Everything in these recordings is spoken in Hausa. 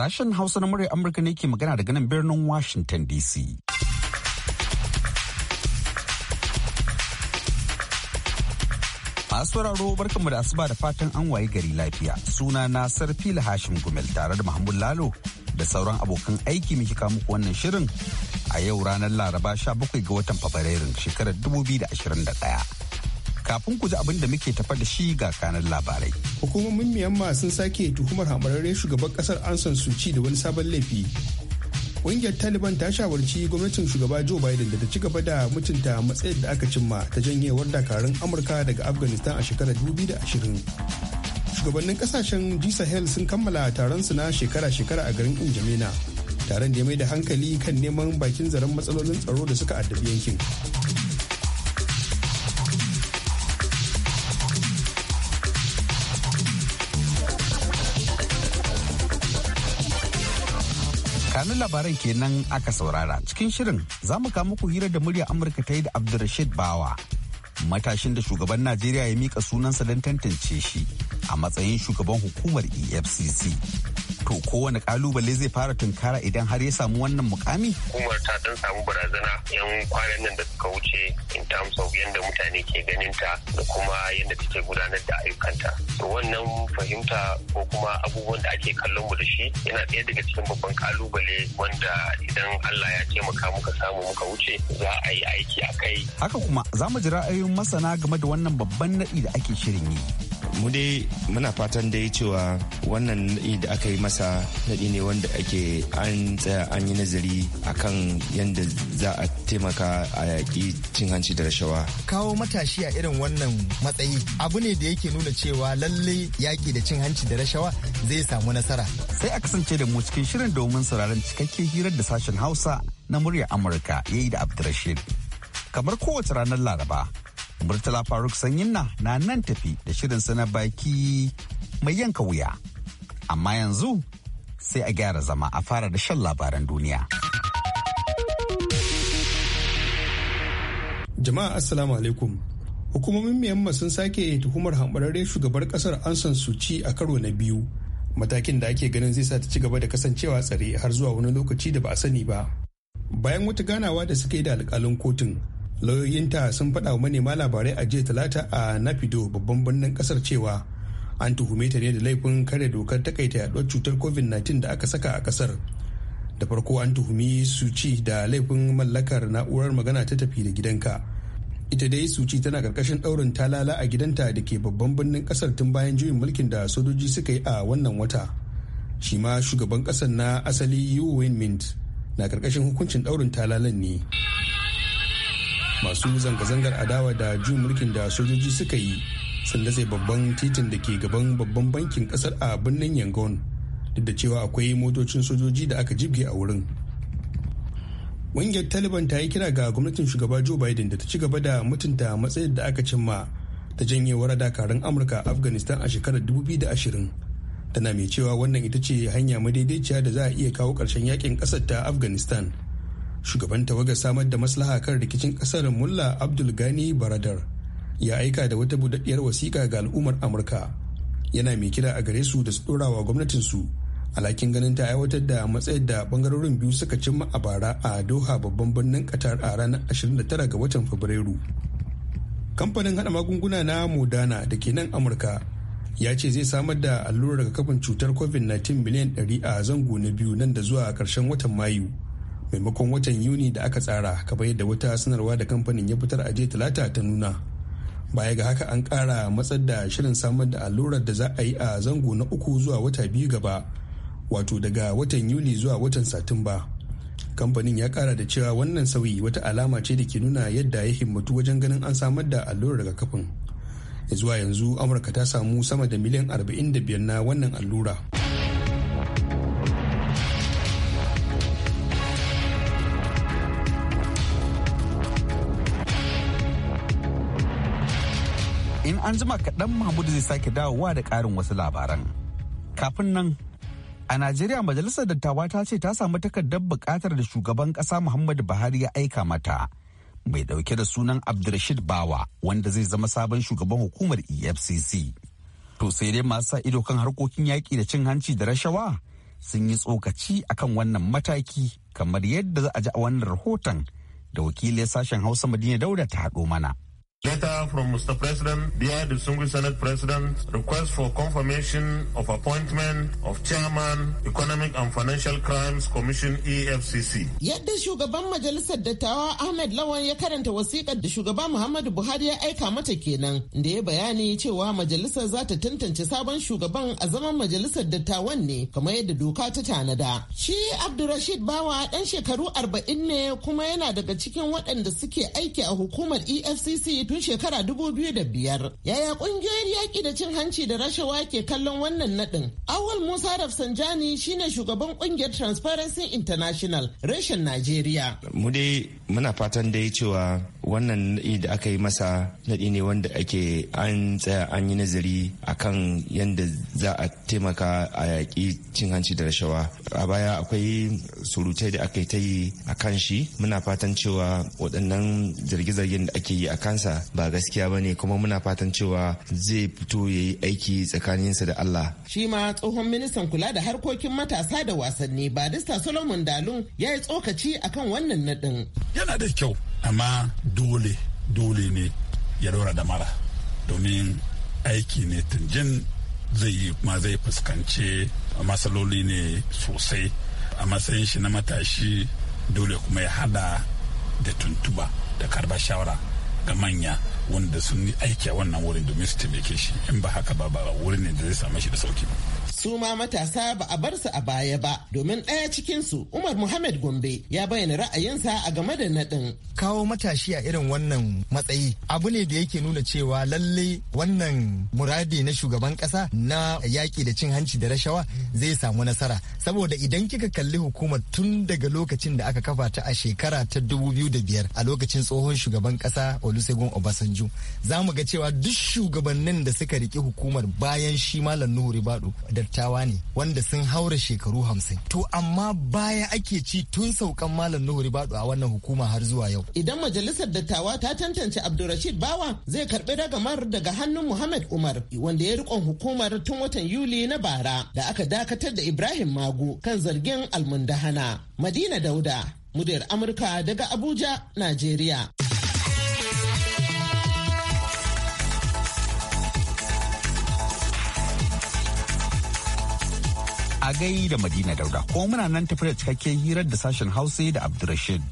Sashen Hausa na murya Amurka ne ke magana daga nan birnin Washington DC. Masu sauraro barkanmu da asuba da fatan an waye gari lafiya. Suna na la Hashim Gumel tare da Mahmud Lalo da sauran abokan aiki muke kawo muku wannan shirin a yau ranar Laraba 17 ga watan Fabrairu shekarar 2021. kafin ku ji abin da muke tafa da shi ga kanar labarai. Hukumomin Myanmar sun sake tuhumar hamararren shugaban kasar Ansan Suci da wani sabon laifi. Ƙungiyar Taliban ta shawarci gwamnatin shugaba Joe Biden da ta ci gaba da mutunta matsayar da aka cimma ta janyewar dakarun Amurka daga Afghanistan a shekarar 2020. Shugabannin kasashen G Sahel sun kammala taron su na shekara-shekara a garin injamina Taron da ya mai da hankali kan neman bakin zaren matsalolin tsaro da suka addabi yankin. kanun labaran kenan aka saurara cikin shirin za mu kama ku hira da murya amurka ta yi da abdulrashid bawa matashin da shugaban najeriya ya mika sunansa don tantance shi a matsayin shugaban hukumar efcc To wani kalubale zai fara tunkara idan har ya samu wannan mukami? Hukumar ta dan samu barazana yan kwanan nan da suka wuce in terms of yadda mutane ke ganin ta da kuma yadda take gudanar da ayyukanta. To wannan fahimta ko kuma abubuwan da ake kallon mu da shi yana ɗaya daga cikin babban kalubale wanda idan Allah ya taimaka muka samu muka wuce za a yi aiki a kai. Haka kuma za mu ji ra'ayoyin masana game da wannan babban naɗi da ake shirin yi. Mu dai muna fatan dai cewa wannan naɗi da aka yi masa ƙasa naɗi ne wanda ake an tsaya an yi nazari akan yadda za a taimaka a yaƙi cin hanci da rashawa. Kawo matashi a irin wannan matsayi abu ne da yake nuna cewa lalle yaƙi da cin hanci da rashawa zai samu nasara. Sai a kasance da mu cikin shirin domin sauraron cikakken hirar da sashen Hausa na muryar Amurka ya yi da Abdurrashid. Kamar kowace ranar Laraba, Murtala Faruk Sanyinna na nan tafi da shirin sana baki mai yanka wuya. Amma yanzu sai a gyara zama a fara da shan labaran duniya. Jama'a Assalamu alaikum. Hukumomin Myanmar sun sake tuhumar hambararren shugabar kasar Ansan Suci a karo na biyu. Matakin da ake ganin zai sa ta ci gaba da kasancewa tsare har zuwa wani lokaci da ba a sani ba. Bayan wata ganawa da suka yi da alkalin kotun, lauyoyinta sun faɗa wa manema labarai a jiya talata a Nafido babban birnin kasar cewa an tuhume ta ne da laifin kare dokar takaita yaduwar cutar covid-19 da aka saka a kasar da farko an tuhumi su ci da laifin mallakar na'urar magana ta tafi da gidanka ita dai su ci tana karkashin daurin talala a gidanta da ke babban birnin kasar tun bayan juyin mulkin da sojoji suka yi a wannan wata shi ma shugaban kasar na asali yu mint na karkashin hukuncin daurin talalan ne masu zanga-zangar adawa da juyin mulkin da sojoji suka yi sun datse babban titin da ke gaban babban bankin kasar a birnin yangon duk da cewa akwai motocin sojoji da aka jibge a wurin ƙungiyar taliban ta yi kira ga gwamnatin shugaba joe biden da ta ci gaba da mutunta matsayin da aka cimma ta wara dakarun amurka a afghanistan a shekarar 2020 tana mai cewa wannan ita ce hanya madaidaiciya da za a iya kawo ƙarshen yakin ƙasar ta afghanistan shugaban tawagar samar da maslaha kan rikicin ƙasar mulla abdul ghani baradar ya aika da wata budaddiyar wasiƙa ga al'ummar amurka yana mai kira a gare su da su ɗora wa gwamnatinsu alhakin ganin ta aiwatar da matsayin da bangarorin biyu suka cimma a bara a doha babban birnin qatar a ranar 29 ga watan fabrairu kamfanin hada magunguna na modana da ke nan amurka ya ce zai samar da allurar kafin cutar covid-19 miliyan 100 a zango na biyu nan da zuwa karshen watan mayu maimakon watan yuni da aka tsara kamar yadda wata sanarwa da kamfanin ya fitar a jiya talata ta nuna baya ga haka an ƙara matsar da shirin samar da allurar da za a yi a zango na uku zuwa wata biyu gaba wato daga watan yuli zuwa watan satumba kamfanin ya kara da cewa wannan sauyi wata alama ce da ke nuna yadda ya himmatu wajen ganin an samar da allurar kafin zuwa yanzu amurka ta samu sama da miliyan 45 na wannan allura. an jima kaɗan mahmudu zai sake dawowa da ƙarin wasu labaran kafin nan a najeriya majalisar dattawa ta ce ta samu takardar buƙatar da shugaban ƙasa muhammadu buhari ya aika mata mai ɗauke da sunan abdulrashid bawa wanda zai zama sabon shugaban hukumar efcc to sai dai masu sa ido kan harkokin yaƙi da cin hanci da rashawa sun yi tsokaci akan wannan mataki kamar yadda za a ji a wannan rahoton da wakilin sashen hausa madina dauda ta haɗo mana Letter from Mr. President, dear distinguished Senate President, request for confirmation of appointment of Chairman, Economic and Financial Crimes Commission EFCC. Yadda shugaban majalisar dattawa Ahmed Lawan ya karanta wasiƙar da shugaba Muhammadu Buhari ya aika mata kenan, da ya bayani cewa majalisar za ta tantance sabon shugaban a zaman majalisar dattawan ne, kamar yadda doka ta tanada. Shi Abdurrashid Bawa ɗan shekaru arba'in ne kuma yana daga cikin waɗanda suke aiki a hukumar EFCC tun shekara dubu biyu da biyar. Yaya ƙungiyoyin yaƙi da cin hanci da rashawa ke kallon wannan naɗin? Awal Musa Rafsanjani shine shugaban ƙungiyar Transparency International rashin Najeriya. Mu dai muna fatan dai cewa wannan naɗi da aka yi masa naɗi ne wanda ake an tsaya an yi nazari a kan yadda za a taimaka a yaƙi cin hanci da rashawa a baya akwai surutai da aka yi ta yi a kan shi muna fatan cewa waɗannan zarge-zargen da ake yi a kansa ba gaskiya ba ne kuma muna fatan cewa zai fito ya yi aiki tsakaninsa da Allah. Shi ma tsohon ministan kula da harkokin matasa da wasanni barista Solomon Dalun ya yi tsokaci akan wannan naɗin. Yana da kyau amma dole dole ne ya daura da mara domin aiki ne tunjin zai yi kuma zai fuskanci matsaloli ne sosai a matsayin shi na matashi dole kuma ya hada da tuntuba da karba shawara ga manya wanda sun yi aiki a wannan wurin domin su taimake shi in ba haka ba ba wurin ne da zai same shi da sauki ba su ma matasa ba a bar su a baya ba domin ɗaya cikinsu Umar Muhammad Gombe ya bayyana ra'ayinsa a game da naɗin. Kawo matashi a irin wannan matsayi abu ne da yake nuna cewa lalle wannan muradi na shugaban ƙasa na yaƙi da cin hanci da rashawa zai samu nasara saboda idan kika kalli hukumar tun daga lokacin da aka kafa ta a shekara ta dubu biyu da biyar a lokacin tsohon shugaban ƙasa Olusegun Obasanjo zamu ga cewa duk shugabannin da suka rike hukumar bayan shi Malam Nuhu Ribadu da dattawa ne wanda sun haura shekaru hamsin to amma baya ake ci tun saukan malam nuhu badu a wannan hukuma har zuwa yau idan majalisar dattawa ta tantance abdulrashid bawa zai karbi ragamar daga hannun muhammad umar wanda ya rikon hukumar tun watan yuli na bara da aka dakatar da ibrahim magu kan zargin almundahana madina dauda muryar amurka daga abuja najeriya A da Madina Dauda ko muna nan tafi da cikakken hirar da sashen Hausa da abdurashid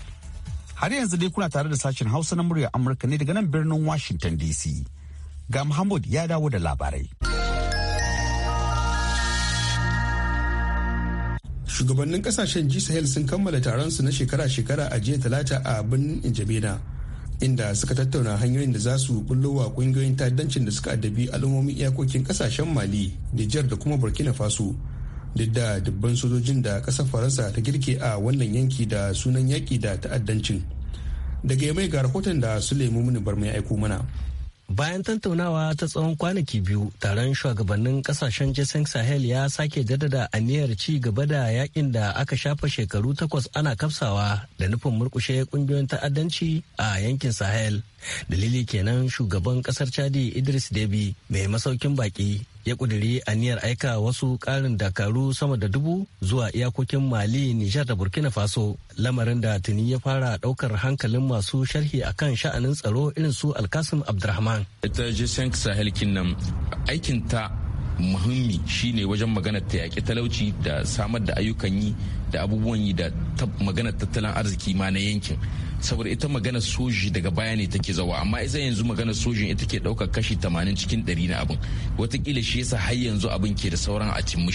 Har yanzu dai kuna tare da sashen Hausa na murya Amurka ne daga nan birnin Washington DC. Ga Muhammad ya dawo da labarai. Shugabannin kasashen g sun kammala taron su na shekara-shekara a jiya talata a birnin injabena inda suka tattauna hanyoyin da za su bullo wa kungiyoyin ta'addancin da suka addabi al'ummomin iyakokin kasashen mali nijar da kuma burkina faso duk da dubban sojojin da ƙasar faransa ta girke a wannan yanki da sunan yaƙi da ta'addancin daga yamai ga rahoton da su lemu mini bar mai aiko mana bayan tantaunawa ta tsawon kwanaki biyu taron shugabannin kasashen jason sahel ya sake jaddada aniyar ci gaba da yakin da aka shafa shekaru takwas ana kafsawa da nufin murkushe kungiyoyin ta'addanci a yankin sahel dalili kenan shugaban kasar chadi idris debi mai masaukin baki ya ƙudiri aniyar aika wasu ƙarin dakaru sama da dubu zuwa iyakokin Mali, Nijar da Burkina Faso, lamarin da tuni ya fara ɗaukar hankalin masu sharhi akan sha'anin tsaro irin su Alkasim abdulrahman Ita G5 Sahel aikin ta muhimmi shine wajen maganar ta yaƙi talauci da samar da ayyukan yi da abubuwan yi da maganar tattalin arziki ma na yankin saboda ita maganar soji daga baya ne take zawa amma isa yanzu maganar sojin ita ke ɗaukar kashi 80 cikin 100 na abin watakila shi yasa har yanzu abin ke da sauran a cin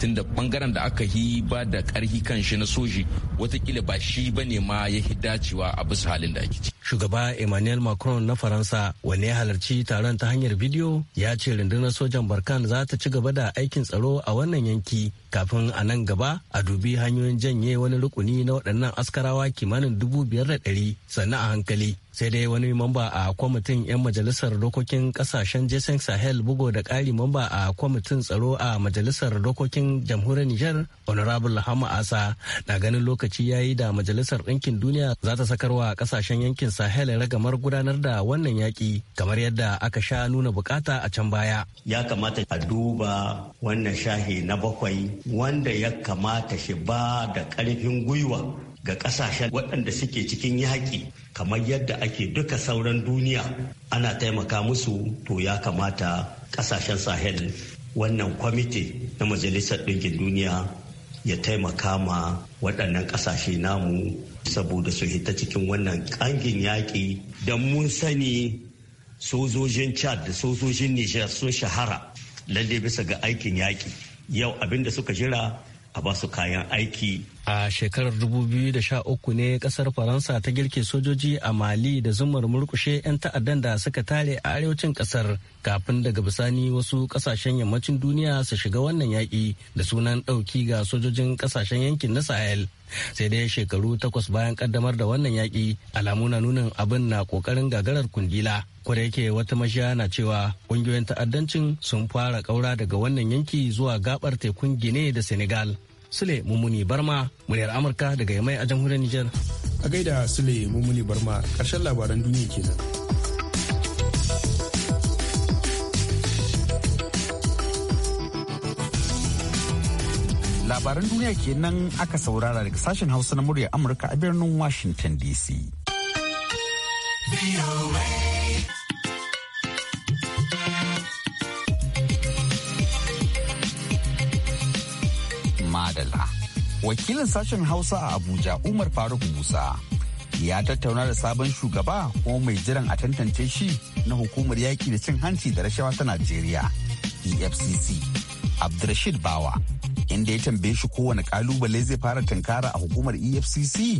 tunda bangaren da aka yi ba da ƙarfi kan shi na soji watakila ba shi bane ma ya dacewa a bisa halin da ake ciki shugaba emmanuel macron na faransa wanne ya halarci taron ta hanyar bidiyo ya ce rundunar sojan barkan za ta ci gaba da aikin tsaro a wannan yanki kafin a nan gaba a dubi hanyoyin janye wani rukuni na waɗannan askarawa kimanin dubu biyar da ɗari sannan a hankali sai dai wani mamba a kwamitin 'yan majalisar dokokin kasashen jason sahel bugo da ƙari mamba a kwamitin tsaro a majalisar dokokin jamhuriyar niger honorable hama asa na ganin lokaci ya yi da majalisar ɗinkin duniya za ta sakarwa kasashen yankin sahel ragamar gudanar da wannan yaƙi kamar yadda aka sha nuna bukata a can baya ya kamata a duba wannan shahi na bakwai wanda ya kamata shi ba da ƙarfin gwiwa ga kasashen waɗanda suke cikin yaƙi kamar yadda ake duka sauran duniya ana taimaka musu to ya kamata kasashen sahel wannan kwamiti na majalisar ɗinkin duniya ya taimaka ma waɗannan ƙasashe namu saboda su hita cikin wannan ƙangin yaƙi don mun sani sojojin chad da sojojin nijar sun shahara lalle bisa ga aikin yaƙi yau abinda suka jira a ba su kayan aiki a shekarar 2013 ne kasar faransa ta girke sojoji a mali da zumar murkushe 'yan ta'addan da suka tare a arewacin kasar kafin daga bisani wasu kasashen yammacin duniya su shiga wannan yaƙi da sunan ɗauki ga sojojin kasashen yankin na sahel sai dai shekaru takwas bayan kaddamar da wannan yaƙi alamu na nunin abin na ƙoƙarin gagarar kundila kwada yake wata mashiya na cewa ƙungiyoyin ta'addancin sun fara ƙaura daga wannan yanki zuwa gabar tekun gine da senegal Sule Mummuni Barma, muryar Amurka daga Yamai a jamhuriyar Nijar. A gaida Sule Mummuni Barma, ƙarshen labaran duniya ke nan. Labaran duniya kenan aka saurara daga sashen Hausa na muryar Amurka a birnin Washington DC. wakilin sashen hausa a abuja umar faruk musa ya tattauna da sabon shugaba ko mai jiran a tantance shi na hukumar yaƙi da cin hanci da rashawa ta najeriya efcc abdulrashid bawa inda ya tambaye shi kowane ƙalubale zai fara tankara a hukumar efcc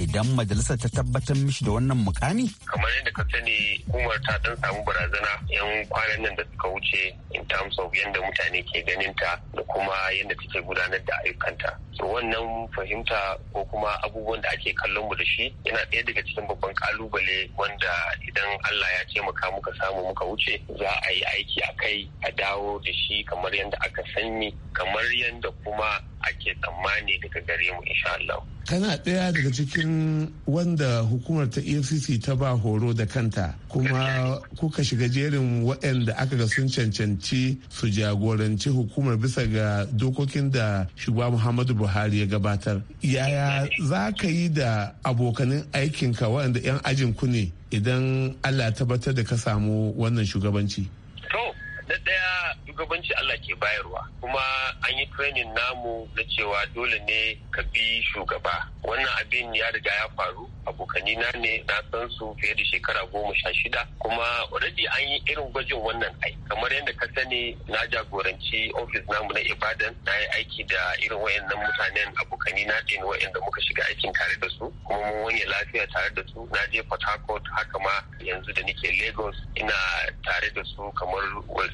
idan majalisar ta tabbatar mishi da wannan mukami? Kamar yadda ka sani Umar ta dan samu barazana yan kwanan nan da suka wuce in terms of yadda mutane ke ganin ta da kuma yadda take gudanar da ayyukanta. So wannan fahimta ko kuma abubuwan da ake kallon mu da shi yana ɗaya daga cikin babban kalubale wanda idan Allah ya taimaka muka samu muka wuce za a yi aiki a kai a dawo da shi kamar yadda aka sani kamar yadda kuma ake tsammani daga gare mu insha Allah. Kana ɗaya daga cikin cikin wanda hukumar ta efcc ta ba horo da kanta kuma kuka shiga jerin waɗanda aka ga sun cancanci su jagoranci hukumar bisa ga dokokin da shugaba muhammadu buhari ya gabatar yaya za ka yi da abokanin aikinka waɗanda 'yan ajin ku ne idan allah tabbatar da ka samu wannan shugabanci shugabanci Allah ke bayarwa kuma an yi training namu na cewa dole ne ka bi shugaba wannan abin ya riga ya faru abokani na ne na san su fiye da shekara goma sha shida kuma already an yi irin gwajin wannan ai kamar yadda ka sani na jagoranci ofis namu na ibadan na yi aiki da irin wayannan mutanen abokani na ɗin wayanda muka shiga aikin tare da su kuma mun wanye lafiya tare da su na je port harcourt haka ma yanzu da nake lagos ina tare da su kamar wasu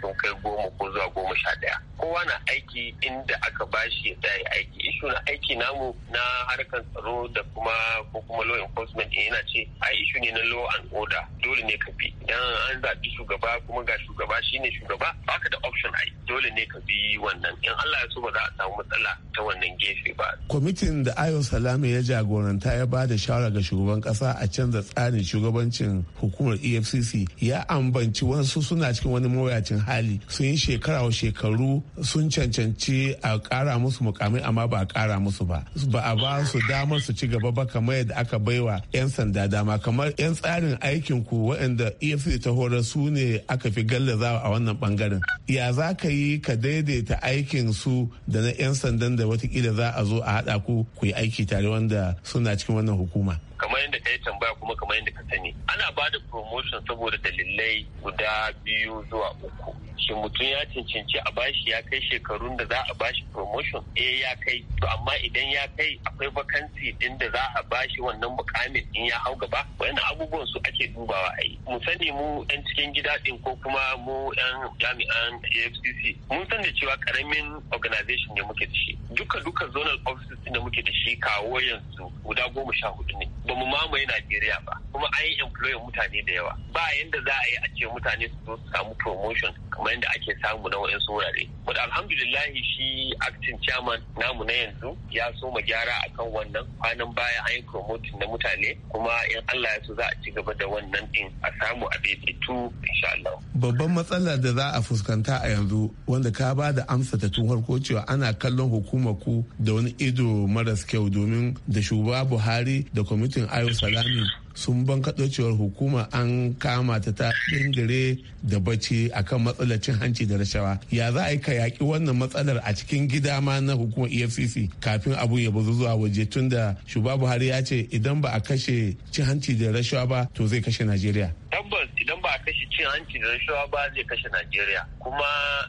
sun kai goma ko zuwa goma sha ɗaya kowa na aiki inda aka bashi ya tsaye aiki ishu na aiki namu na harkar tsaro da kuma ko kuma law enforcement eh, yana ce a ishu ne na law and order dole ne ka bi idan an zaɓi shugaba kuma ga shugaba shine shugaba baka da option ai dole ne ka bi wannan in Allah ya so ba za a samu matsala ta wannan gefe ba kwamitin da Ayo salami ya jagoranta ya ba da shawara ga shugaban kasa a canza tsarin shugabancin hukumar EFCC ya ambanci wasu suna cikin wani mawuyacin hali sun yi shekara wa shekaru sun cancanci a kara musu mukamai amma ba a kara musu ba ba a ba su damar su ci gaba ba kamar yadda aka baiwa 'yan sanda dama kamar 'yan tsarin aikin ku waɗanda efcc ta horar su ne aka fi gallazawa a wannan bangaren ya za ka yi ka daidaita aikin su da na 'yan sandan da watakila za a zo a haɗa ku ku yi aiki tare wanda suna cikin wannan hukuma kamar yadda ka yi tambaya kuma kamar yadda ka sani ana ba da promotion saboda dalilai guda biyu zuwa uku mutum ya cancanci a bashi ya kai shekarun da za a bashi promotion eh ya kai to amma idan ya kai akwai vacancy din da za a bashi wannan mukamin in ya hau gaba wani abubuwan su ake dubawa a yi mu sani mu yan cikin gida din ko kuma mu yan jami'an AFCC mun san da cewa karamin organization ne muke da shi duka duka zonal offices da muke da shi kawo yanzu guda goma sha hudu ne ba mu mamaye Najeriya ba kuma an yi employer mutane da yawa ba yanda za a yi a ce mutane su zo su samu promotion kamar Yadda ake samu na wa'in wurare. But alhamdulillahi shi acting chairman namu na yanzu ya soma gyara akan wannan kwanan baya an yi promoting na mutane kuma in Allah ya so za a ci gaba da wannan din a samu a daidaitu insha Allah. Babban matsalar da za a fuskanta a yanzu wanda ka ba da amsa ta tun harko cewa ana kallon hukumar ku da wani ido maras kyau domin da shugaba Buhari da kwamitin Ayo Salami sun ban cewar hukuma an kama ta ta dingire da bacci akan matsalar cin hanci da rashawa ya za a yi ka yaƙi wannan matsalar a cikin gida ma na hukumar efcc kafin abu ya bazu zuwa waje tun da shugaba buhari ya ce idan ba a kashe cin hanci da rashawa ba to zai kashe najeriya tabbas a kashe cin hanci da rashawa ba zai kashe Najeriya. Kuma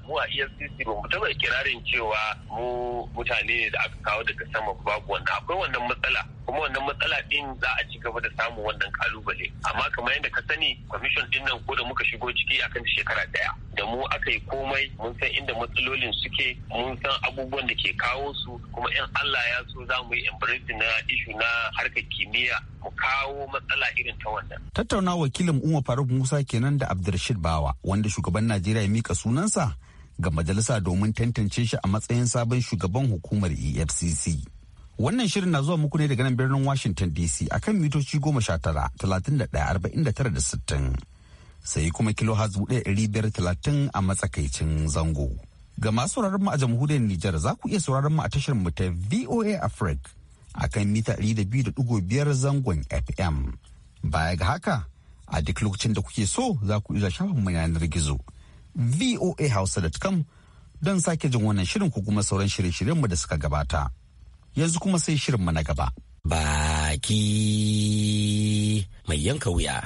mu a EFCC ba mu taɓa kirarin cewa mu mutane ne da aka kawo daga sama babu wanda. akwai wannan matsala. kuma wannan matsala ɗin za a ci gaba da samun wannan kalubale amma kamar yadda ka sani kwamishin din nan ko da muka shigo ciki akan shekara ɗaya. da mu aka yi komai mun san inda matsalolin suke mun san abubuwan da ke kawo su kuma in Allah ya so za mu yi embrace na ishu na harkar kimiyya ku kawo matsala irin ta wannan. Tattauna wakilin Umar Faruk Musa kenan da Abdulrashid Bawa wanda shugaban Najeriya ya mika sunansa ga majalisa domin tantance shi a matsayin sabon shugaban hukumar EFCC. Wannan shirin na zuwa muku ne daga nan birnin Washington DC akan mitoci goma sha tara, talatin da ɗaya, arba'in da tara da sittin. Sai kuma kilo hazu ɗaya ɗari biyar talatin a matsakaicin zango. Ga masu sauraron mu a jamhuriyar Nijar za ku iya sauraron mu a tashar mu ta VOA Africa a kan mita 200.5 zangon FM. Baya ga haka, a duk lokacin da kuke so za ku iya shafin mu yanar gizo. voahausa.com don sake jin wannan shirin ku kuma sauran shirye mu da suka gabata. Yanzu kuma sai shirin mu na gaba. Baki mai yanka wuya.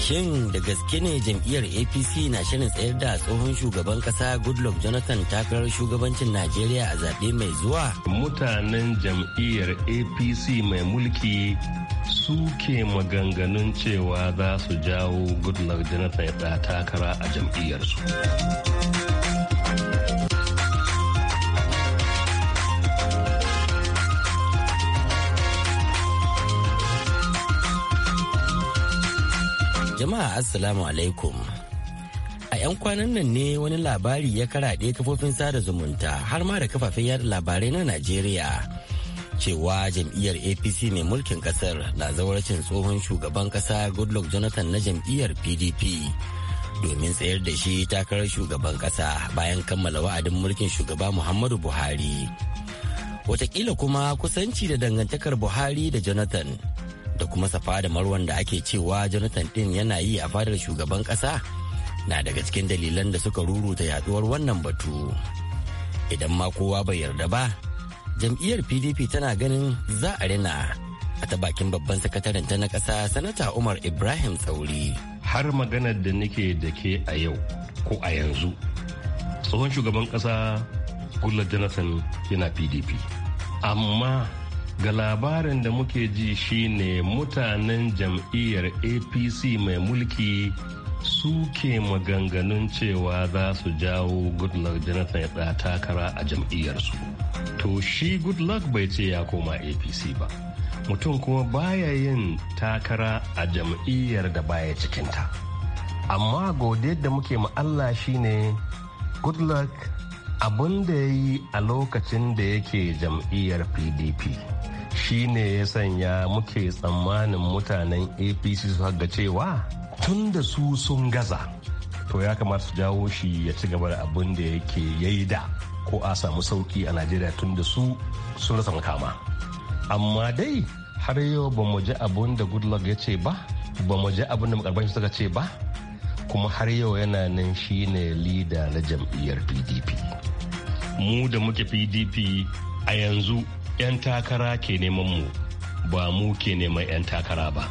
Shin da gaske ne jam'iyyar APC na shirin tsayar da tsohon shugaban kasa Goodluck Jonathan takarar shugabancin Najeriya a zaɓe mai zuwa? Mutanen jam'iyyar APC mai mulki suke maganganun cewa za su jawo Goodluck Jonathan ya takara a jam'iyyarsu. Jama'a Assalamu alaikum. A 'yan kwanan nan ne wani labari ya karaɗe kafofin sada zumunta har ma da kafafen yada labarai na Najeriya. Cewa jam'iyyar APC mai mulkin kasar na zawarcin tsohon shugaban kasa Goodluck Jonathan na jam'iyyar PDP. domin tsayar da shi takarar shugaban kasa bayan kammala wa'adin mulkin shugaba Muhammadu Buhari. Wataƙila kuma kusanci da dangantakar Buhari da Jonathan da kuma safa da marwan da ake cewa jonathan din yana yi a fadar shugaban kasa na daga cikin dalilan da suka ruruta yaduwar wannan batu idan ma kowa bai yarda ba jam'iyyar pdp tana ganin za a rina a ta bakin babban sakataren ta na kasa sanata umar ibrahim tsauri har maganar da nake da ke a yau ko a yanzu tsohon shugaban kasa gullar jonathan yana pdp amma ga labarin da muke ji shi ne mutanen jam'iyyar apc mai mulki suke maganganun cewa za su jawo goodluck jonathan ya takara a jam'iyyarsu to shi goodluck bai ce ya koma apc ba mutum kuma baya yin takara a jam'iyyar da baya cikinta amma godiyar da muke Allah shine goodluck abin da ya yi a lokacin da yake jam'iyyar pdp shine ya sanya muke tsammanin mutanen apc su haga cewa tun da su sun gaza to ya kamata su jawo shi ya ci gaba da abin da yake yayi da ko a samu sauki a najeriya tun da su sun rasa makama amma dai har yau ba mu ji abin da goodluck ya ce ba ba mu ji abin da makarban suka ce ba kuma har yau yana nan shine lida na jam'iyyar pdp mu da muke pdp a yanzu 'yan takara ke neman mu ba mu ke neman 'yan takara ba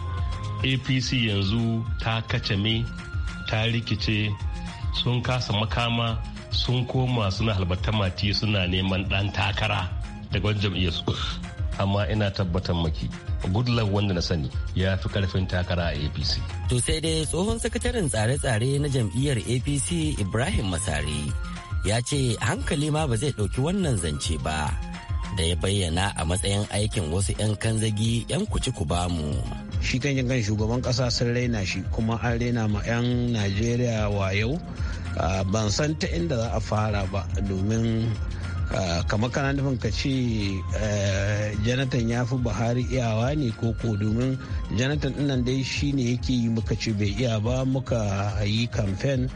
apc yanzu ta kacame ta rikice sun kasa makama sun koma suna halbata mati suna neman dan takara daga jam'iyyar su amma ina tabbatar maki goodluck wanda na sani ya fi karfin takara a apc to sai dai tsohon sakataren tsare-tsare na jam'iyyar apc ibrahim masari ya ce hankali ma ba zai ɗauki wannan zance ba da ya bayyana a matsayin aikin wasu 'yan kanzagi 'yan kuci-ku mu shi kan kan shugaban kasa sun raina shi kuma an raina ma 'yan najeriya wayau ban san ta inda za a fara ba domin kamar kana nufin ka ce janatan ya fi buhari iyawa ne koko domin janatan dinnan dai ne yake yi muka ce bai iya ba muka yi kamfen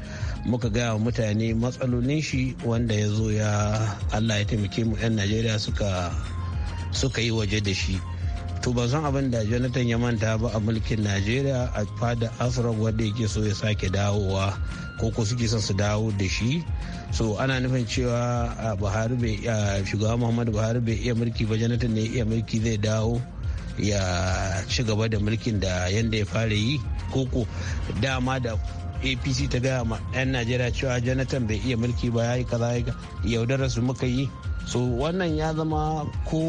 muka gaya wa mutane matsalolin shi wanda ya zo ya allah ya taimake mu 'yan najeriya suka yi waje da shi to ba san abin da jonathan ya manta ba a mulkin najeriya a fada asrog wanda yake so ya sake dawowa ko ko suke son su dawo da shi so ana nufin cewa a buhari bai shugaba muhammadu buhari bai iya mulki ba jonathan ne iya mulki zai dawo ya ci gaba da mulkin da yadda ya fara yi koko dama da apc ta gaya ma 'yan najeriya cewa jonathan bai iya mulki ba ya yi kaza ya yaudara su muka yi so wannan ya zama ko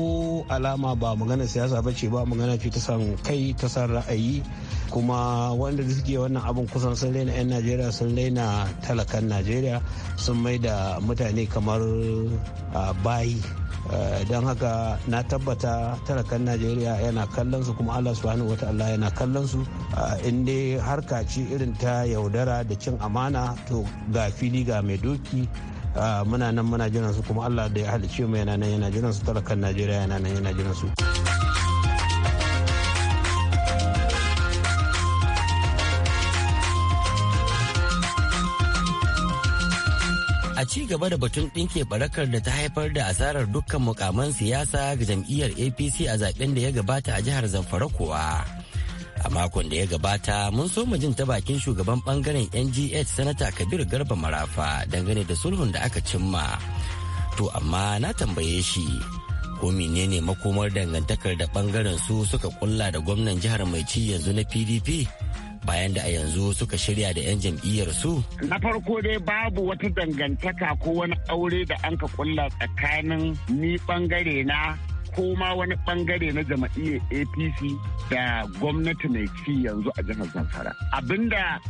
alama ba magana siyasa ba ce ba magana ce ta san kai ta san ra'ayi kuma wanda suke wannan abin kusan sun raina 'yan najeriya sun raina talakan najeriya sun mai da mutane kamar ah, bayi Eh, don haka na tabbata talakan najeriya yana kallon su kuma allah subhanahu wa ta'ala yana kallon su eh, in dai harka ce irin ta yaudara da cin amana to ga fili ga mai doki eh, muna nan muna jiran su kuma Allah da ya halicce mu yana nan yana jiran su talakan Najeriya yana nan yana jiran su. ci gaba da batun ɗinke barakar da ta haifar da asarar dukkan mukaman siyasa ga jam'iyyar apc a zaben da ya gabata a jihar zamfara kuwa a makon da ya gabata mun so mu jin ta bakin shugaban bangaren ngh sanata kabir garba marafa dangane da sulhun da aka cimma to amma na tambaye shi ko menene makomar dangantakar da bangaren su suka kulla da gwamnan jihar mai ci yanzu na pdp bayan da a yanzu suka shirya da 'yan jam'iyyarsu. Na farko dai babu wata dangantaka ko wani aure da an ka kulla tsakanin ni bangare na Koma wani bangare na jama'iyyar apc da gwamnati mai ci yanzu a jihar zamfara abinda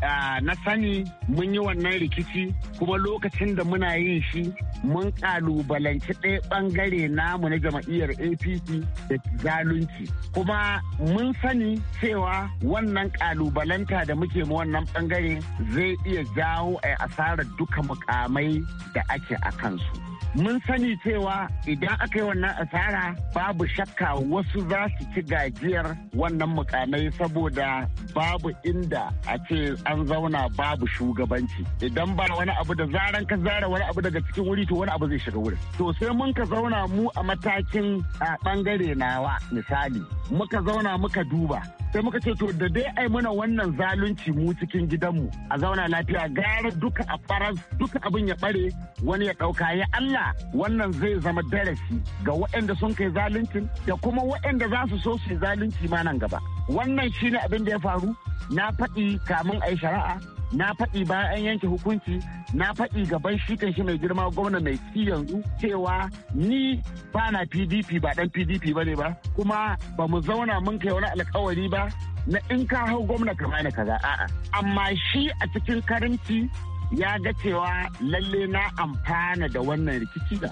na sani mun yi wannan rikici kuma lokacin da muna yin shi mun kalubalanci ɗaya bangare namu na jama'iyyar apc da zalunci kuma mun sani cewa wannan kalubalanta da muke mu wannan bangare zai iya jawo a asarar duka mukamai da ake a kansu mun sani cewa idan aka yi wannan asara babu shakka wasu za su ci gajiyar wannan mukamai saboda babu inda a ce an zauna babu shugabanci idan ba wani abu da zaran ka zara wani abu daga cikin wuri to wani abu zai shiga wurin to sai mun ka zauna mu a matakin a bangare nawa misali muka zauna muka duba sai muka ce to da dai ai mana wannan zalunci mu cikin gidanmu a zauna lafiya gara duka a faras duka abin ya bare wani ya dauka ya Allah wannan zai zama darasi ga waɗanda sun kai zaluncin da kuma waɗanda za su so su zalunci ma nan gaba wannan shine abin da ya faru na faɗi kamun a shari'a na faɗi bayan yanke hukunci na faɗi gaban shi kan shi mai girma gwamna mai ci yanzu cewa ni ba na pdp ba ɗan pdp ba ne ba kuma ba mu zauna mun kai wani alkawari ba na in ka hau gwamna ka bani kaza a'a amma shi a cikin karanci ya ga cewa lalle na amfana da wannan rikici da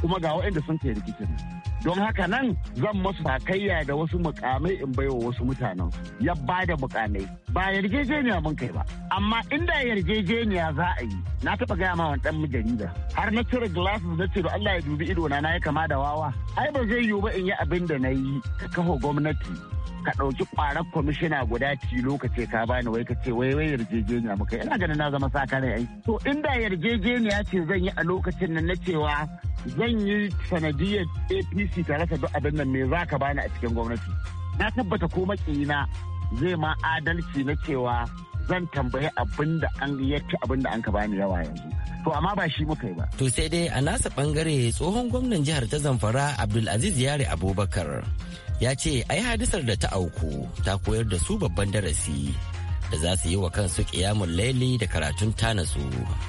kuma ga waɗanda sun kai rikicin don haka nan zan masu fakayya da wasu mukamai in baiwa wasu mutanen ya ba da mukamai ba yarjejeniya mun kai ba amma inda yarjejeniya za a yi na taɓa gaya ma wani ɗan jarida har na cire glasses na ce da Allah ya dubi ido na ya kama da wawa ai ba zai yiwu ba in yi abin da na yi ka kafa gwamnati ka ɗauki ƙwarar kwamishina guda tilo ka ce ka bani wai ka ce wai wai yarjejeniya kai. ina ganin na zama saka fara yi to inda yarjejeniya ce zan yi a lokacin nan na cewa zan yi sanadiyar apc tare da duk abin nan me za ka bani a cikin gwamnati na tabbata ko maƙina zai ma adalci na cewa zan tambayi abin da an yaki abin da an ka bani yawa yanzu to amma ba shi muka yi ba to sai dai a nasa bangare tsohon gwamnan jihar ta zamfara abdulaziz yare abubakar ya ce ai hadisar da ta auku ta koyar da su babban darasi da za su yi wa kansu kiyamun laili da karatun tanasu.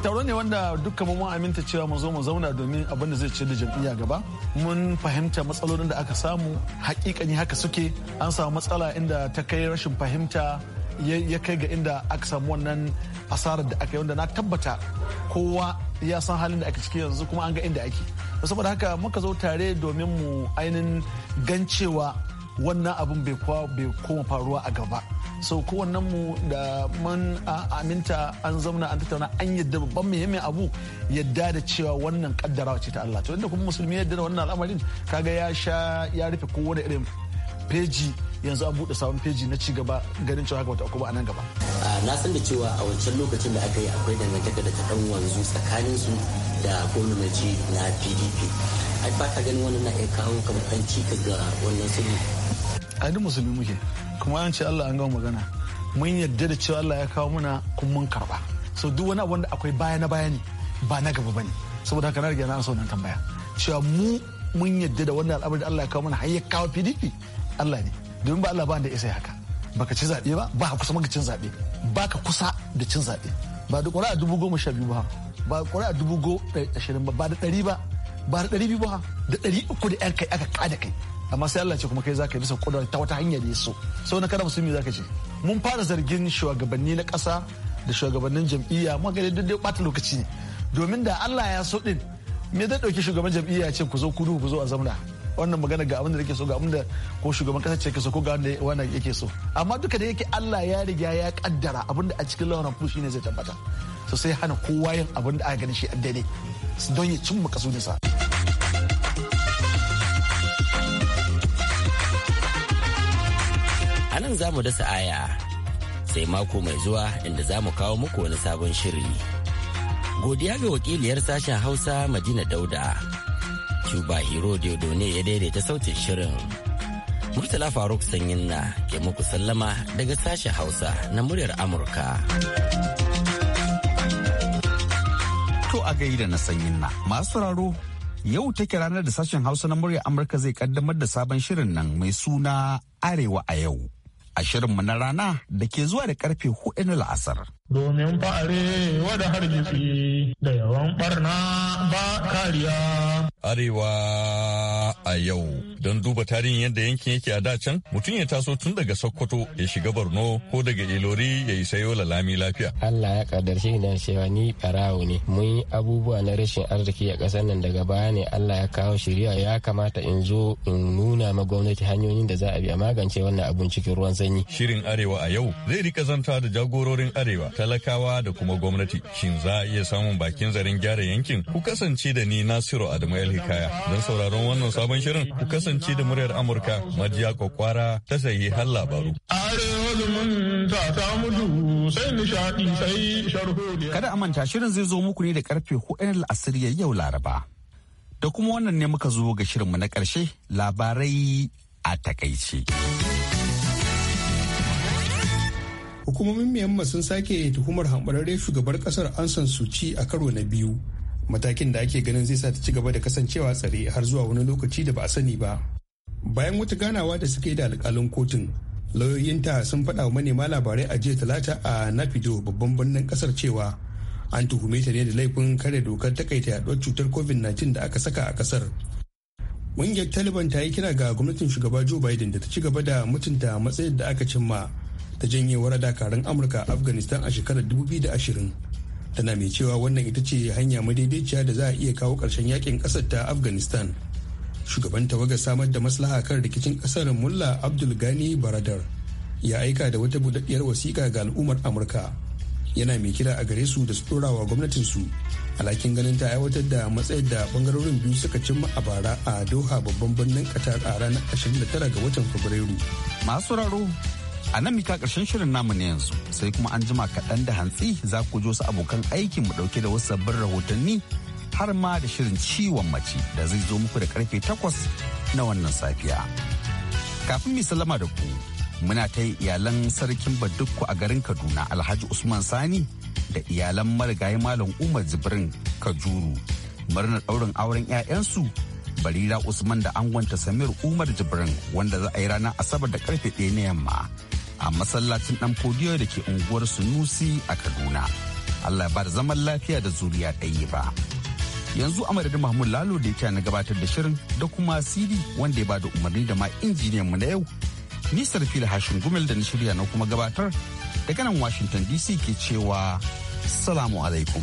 Taro ne wanda dukkan mun aminta cewa mu zo mu zauna domin abin da zai ce da jam'iyya gaba. Mun fahimta matsalolin da aka samu hakikani haka suke an samu matsala inda ta kai rashin fahimta ya kai ga inda aka samu wannan asarar da aka yi wanda na tabbata kowa ya san halin da aka ciki yanzu kuma an ga inda ake. saboda haka muka zo tare domin mu ainihin gancewa wannan abin bai koma faruwa a gaba. so kowannen mu da mun aminta an zauna an tattauna an yadda babban muhimmin abu yadda da cewa wannan kaddarawa ce ta Allah to inda kuma musulmi yadda da wannan al'amarin kaga ya sha ya rufe kowane irin feji yanzu an buɗe sabon feji na ci gaba ganin cewa haka wata uku ba a nan gaba. na san da cewa a wancan lokacin da aka yi akwai dangantaka da ta ɗan wanzu tsakanin su da gwamnati na pdp ai ba ka ganin wannan na iya kawo kamar ga wannan sulhu. a musulmi muke kuma an ce Allah an gama magana mun yarda da cewa Allah ya kawo muna kun mun karba so duk wani wanda akwai baya na baya ne ba na gaba bane saboda haka na riga na so nan tambaya cewa mu mun yarda da wannan al'amari da Allah ya kawo mana har ya kawo PDP Allah ne domin ba Allah ba da isa haka baka ci zaɓe ba ba kusa maka cin zaɓe ba ka kusa da cin zaɓe ba da ƙuri'a dubu goma sha biyu ba ba ƙuri'a dubu go ashirin ba ba da ɗari ba ba da ɗari biyu ba da ɗari uku da ƴan kai aka kada kai amma sai Allah ce kuma kai zaka bisa kudura ta wata hanya da so sau na kada musulmi zaka ce mun fara zargin shugabanni na kasa da shugabannin jam'iyya mun ga duk bata lokaci ne domin da Allah ya so din me zai dauki shugaban jam'iyya ce ku zo kudu ku zo a zamna wannan magana ga abin da nake so ga abin da ko shugaban kasa ce ke so ko ga wanda yake so amma duka da yake Allah ya riga ya kaddara abin da a cikin lawan ku shine zai tabbata so sai hana kowa yin abin da aka gani shi a daidai don ya cimma kasudinsa. nan za mu dasa aya sai mako mai zuwa inda za mu kawo muku wani sabon shiri. Godiya ga wakiliyar sashen Hausa Madina Dauda. Cuba Hero ne ya daidaita sautin shirin. Murtala Faruk Sanyin na ke muku sallama daga sashen Hausa na muryar Amurka. To a gaida na Sanyin na masu sauraro yau take ranar da sashen Hausa na muryar Amurka zai kaddamar da sabon shirin nan mai suna Arewa a yau. a shirinmu na rana da ke zuwa da karfe hudu na la'asar. domin fa'are wada harjisi da yawan barna ba kariya. Arewa a yau. Don duba tarihin yadda yankin yake a dacan, mutum ya taso tun daga Sokoto ya shiga Borno ko daga Ilori ya yi sayo lalami lafiya. Allah ya kadarci da cewa ni barawo ne. Mun abubuwa na rashin arziki a ƙasar nan daga baya ne Allah ya kawo shirya ya kamata in zo in nuna ma gwamnati hanyoyin da za a bi a magance wannan abun cikin ruwan sanyi. Shirin Arewa a yau zai rika zanta da jagororin Arewa talakawa da kuma gwamnati shin za a iya samun bakin zaren gyara yankin ku kasance da ni nasiru adamu el hikaya don sauraron wannan sabon shirin ku kasance da muryar amurka majiya kwakwara ta sayi har labaru kada amanta shirin zai zo muku ne da karfe hudu asiriyar yau laraba da kuma wannan ne muka zo ga shirinmu na karshe labarai a takaice. hukumomin myanmar sun sake tuhumar hambararre shugabar kasar an san suci a karo na biyu matakin da ake ganin zai sa ta ci gaba da kasancewa tsare har zuwa wani lokaci da ba a sani ba bayan wata ganawa da suka yi da alkalin kotun lauyoyinta sun faɗa wa manema labarai a jiya talata a nafido babban birnin kasar cewa an tuhume ta ne da laifin kare dokar takaita yaduwar cutar covid-19 da aka saka a kasar ƙungiyar taliban ta yi kira ga gwamnatin shugaba joe biden da ta ci gaba da mutunta matsayin da aka cimma ta janyewar dakarun amurka a afghanistan a shekarar ashirin tana mai cewa wannan ita ce hanya madaidaiciya da za a iya kawo karshen yakin ƙasar ta afghanistan shugaban tawagar samar da maslaha kan rikicin ƙasar mulla abdul gani baradar ya aika da wata budaddiyar wasiƙa ga al'ummar amurka yana mai kira a gare su da su dora wa su alhakin ganin ta aiwatar da matsayin da bangarorin biyu suka cimma a bara a doha babban birnin qatar a ranar 29 ga watan fabrairu masu raro A nan mika ƙarshen shirin namu ne yanzu sai kuma an jima kaɗan da hantsi za ku ji wasu abokan aiki mu ɗauke da wasu sabbin rahotanni har ma da shirin ciwon mace da zai zo muku da karfe takwas na wannan safiya. Kafin mu salama da ku muna ta yi iyalan sarkin Badukku a garin Kaduna Alhaji Usman Sani da iyalan marigayi Malam Umar Jibrin Kajuru murnar ɗaurin auren 'ya'yansu Barira Usman da angonta Samir Umar Jibrin wanda za a yi ranar Asabar da karfe ɗaya na yamma. a masallacin dan fodiyo da ke unguwar sunusi a kaduna allah ba da zaman lafiya da zuriya ɗaya ba yanzu a madadin mahmud lalo da yake na gabatar da shirin da kuma cd wanda ya ba da umarni da ma injiniyan mu na yau nisar fila hashin gumel da na shirya na kuma gabatar daga nan washington dc ke cewa salamu alaikum